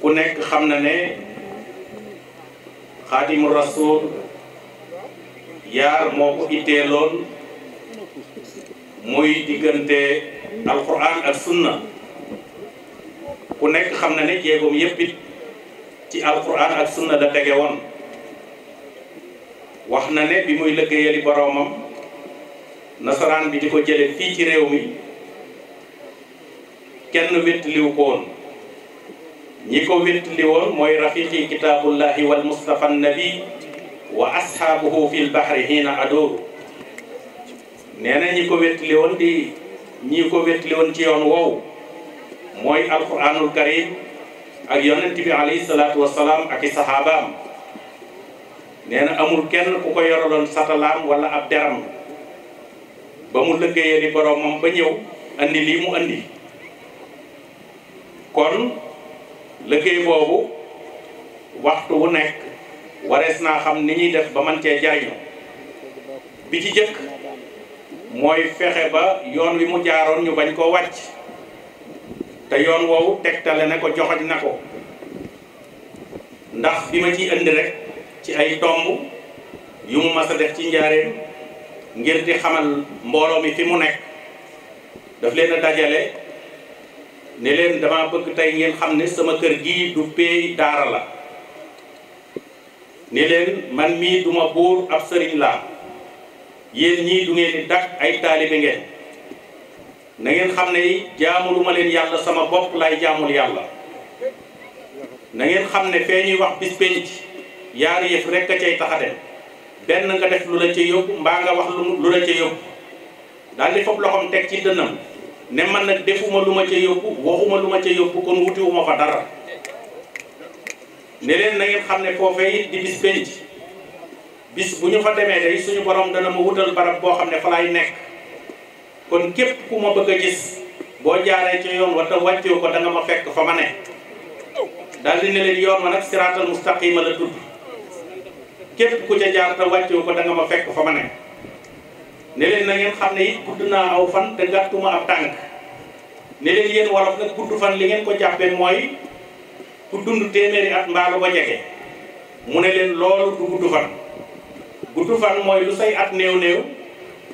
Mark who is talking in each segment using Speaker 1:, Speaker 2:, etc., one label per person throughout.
Speaker 1: ku nekk xam na ne xaatimu rasul yaar moo ko itteeloon muy diggante alquran ak sunna ku nekk xam na ne jéegoom yépp it ci alquran ak sunna la tege woon wax na ne bi muy liggéeyali boroomam nasaraan bi di ko jële fii ci réew mi kenn wettiliwu ko ñi ko wéttali woon mooy rafiqi kitaabullahi wal mustafa nabi wa ashaabuhu fil bahri hiina adooru nee na ñi ko wéttali woon di ñi ko wéttali woon ci yoon woowu mooy alquranul karim ak yonent bi alayhi salaatu wasalaam ak i sahaabaam nee na amul kenn ku ko yoraloon satalaam wala ab deram ba mu lëggéeyee di boromam ba ñëw andi lii mu andi kon liggéey boobu waxtu wu nekk warees naa xam ni ñuy def ba man cee jariñu bi ci jëkk mooy fexe ba yoon wi mu jaaroon ñu bañ koo wàcc te yoon woowu tegtale na ko joxoj na ko ndax bi ma ci indi rek ci ay tomb yu mu mas a def ci njaareem ngir di xamal mbooloo mi fi mu nekk daf leen dajale ne leen dama bëgg tey ngeen xam ne sama kër gi du peey daara la ne leen man mii duma buur ab sëriñ laa yéen ñii du ngeen di ay taalibe ngeen na ngeen xam ne jaamulu ma leen yàlla sama bopp laay jaamul yàlla na ngeen xam ne fee ñuy wax bis penc yaar yëf rekk a cay taxaden benn nga def lu la ci yóbbu mbaa nga wax lu la ci yóbbu daal di fopp loxoom teg ci dënnam ne man nag defuma lu ma ca yóbbu waxuma lu ma ca yóbbu kon wutiwuma fa dara ne leen na xam ne foofee it di bis penc bis bu ñu fa demee day suñu borom dana ma wutal barab boo xam ne fa laay nekk kon képp ku ma bëgg a gis boo jaaree ca yoon wa te wàccoo ko da nga ma fekk fa ma ne daal di ne leen yoon ma nag siraatal mustaqima la tudd képp ku ca jaar te wàccoo ko da nga ma fekk fa ma ne ne leen na ngeen xam ne it gudd naa aw fan te gàttuma ab tànk ne leen yéen wolof nag gudd fan li ngeen ko jàppee mooy ku dund téeméeri at mbaa lu mu ne leen loolu du gudd fan gudd fan mooy lu say at néew-néew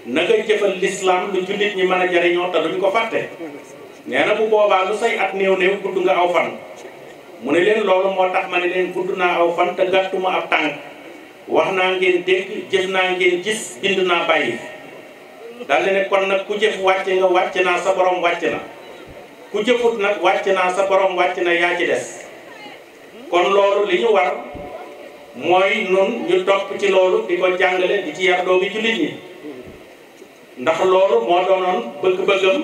Speaker 1: na nga jëfal lislaam lu jullit ñi man a jariñoo te duñ ko fàtte nee na bu boobaa lu say at néew-néew gudd nga aw fan mu ne leen loolu moo tax ma ne leen gudd naa aw fan te gàttuma ab tànk wax naa ngeen dégg jëf naa ngeen gis bind naa bàyyi. daal di ne kon nag ku jëf wàcce nga wàcce naa sa borom wàcce na ku jëfut nag wàcce naa sa borom wàcce na yaa ci des kon loolu li ñu war mooy nun ñu topp ci loolu di ko jàngale di ci yar doomi jullit ñi ndax loolu moo doonoon bëgg-bëggam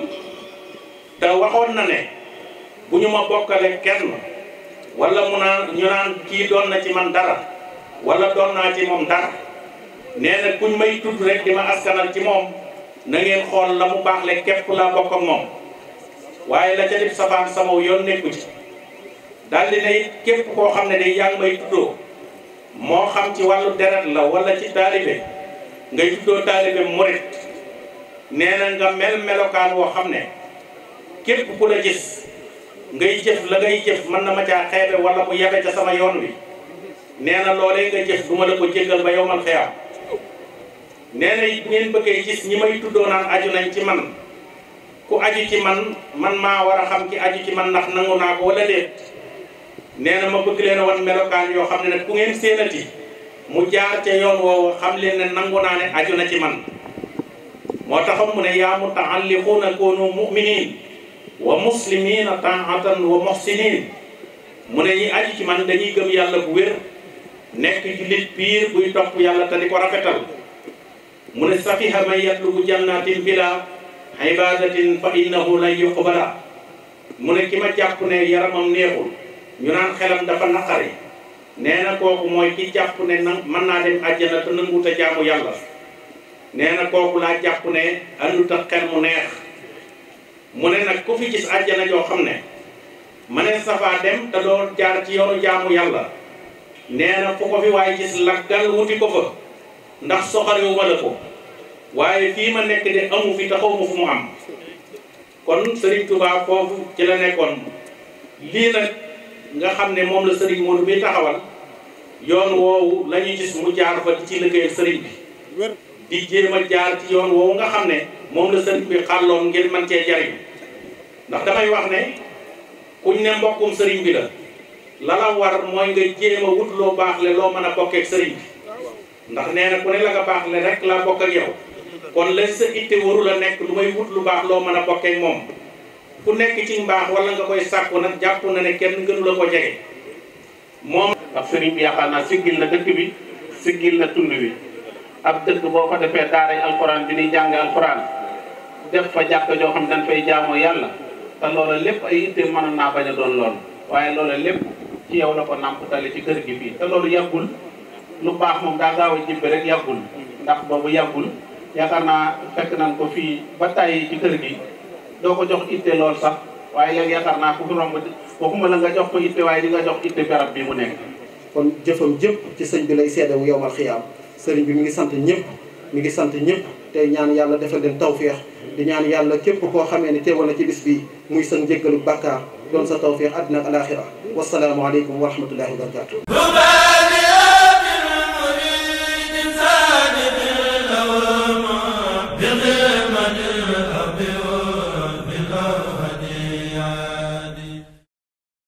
Speaker 1: te waxoon na ne bu ñu ma bokkale kenn wala mu naan ñu naan kii doon na ci man dara wala doon naa ci moom dara nee na kuñ may tudd rek di ma askanal ci moom na ngeen xool la mu baax lee képp laa bokk ak moom waaye la ca dib sabaan samaw yoon nekku ci daal di ne képp koo xam ne day yaa ngi may tuddoo moo xam ci wàllu deret la wala ci taalibe ngay tuddoo taalibe murit nee na nga mel melokaan woo xam ne képp ku la gis ngay jëf la ngay jëf mën na ma caa xeebe wala mu yabe ca sama yoon wi nee na loolee nga jëf du ma la ko jéggal ba yow man nee na it ngeen bëggee gis ñi may tuddoo naan aju nañ ci man ku aju ci man man maa war a xam ki aju ci man ndax nangu naa ko wala déet nee na ma bëgg leen a wan melokaan yoo xam ne nag ku ngeen séenati mu jaar ca yoon woowu xam leen ne nangu naa ne aju na ci man moo taxam mu ne yaa mutaalliquuna koonu muminin wa muslimina taatan wa muhsinin mu ne ñi aju ci man dañuy gëm yàlla bu wér nekk jullit piir buy topp yàlla ta di ko rafetal mu ne safiha man yatlubu jannatin bila ibadatin fa innahu lan yuqbala mu ne ki ma jàpp ne yaramam neexul ñu naan xelam dafa naqari nee na kooku mooy ki jàpp ne na mën naa dem àjjana te nanguta jaamu yàlla nee na kooku laa jàpp ne àndut ak xel mu neex mu ne nag ku fi gis àjjana joo xam ne ma ne safaa dem te doo jaar ci yoonu jaamu yàlla nee na fu ko fi waaye gis laggal wuti ko fa ndax soxal ma wala ko waaye fii ma nekk de amu fi taxaw fu mu am kon Serigne Touba foofu ci la nekkoon lii nag nga xam ne moom la Serigne Modou bi taxawal yoon woowu lañuy ñu gis mu jaar fa di ci liggéeyal Serigne bi di jéem jaar ci yoon woowu nga xam ne moom la Serigne bi xàlloon ngir man cee jariñ ndax damay wax ne kuñ ne mbokkum Serigne bi la la la war mooy nga jéem wut loo baax le loo mën a bokkeek Serigne bi. ndax nee ku ne la nga baax le rek la bokk ak yow kon la sa itte waru la nekk lu may wut lu baax loo mën a bokkee moom ku nekk ci mbaax wala nga koy sàkku nag jàpp na ne kenn gënu la ko jege moom ab sëriñ bi yaakaar naa siggil na dëkk bi siggil na tund bi ab dëkk boo ko defee daaray alxuraan bi ñuy jàng alxuraan def fa jàkk joo xam dañ fay jaamoo yàlla te loola lépp ay itte mënoon naa bañ a doon lool waaye loola lépp ci yow la ko nàmp nàmptale ci kër gi te loolu yàggul lu baax moom daa gaaw a jibbi rek yàggul ndax boobu yàggul yaakaar naa fekk nañ ko fii ba tàyyi ci kër gi doo ko jox itte lool sax waaye léegi yaakaar naa ku fi romb waxuma la nga jox ko itte di nga jox itte garab bi mu nekk kon jëfam jëpp ci sëñ bi lay seede wu yowmal xiyaam sëriñ bi mi ngi sant ñëpp mu ngi sant ñëpp tey ñaan yàlla defal leen tawféex di ñaan yàlla képp koo xamee ne teewal na ci bis bi muy seen jéggalu bàkkaar doon sa tawféex àddina ak alaaxira wassalaamu aleykum wa rahmatullahi wa barakaatu